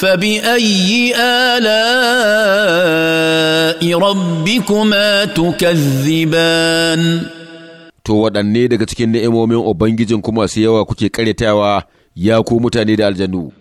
فباي الاء ربكما تكذبان to waɗanne daga cikin ni'imomin ubangijin kuma su yawa kuke karyatawa ya ku mutane da aljanu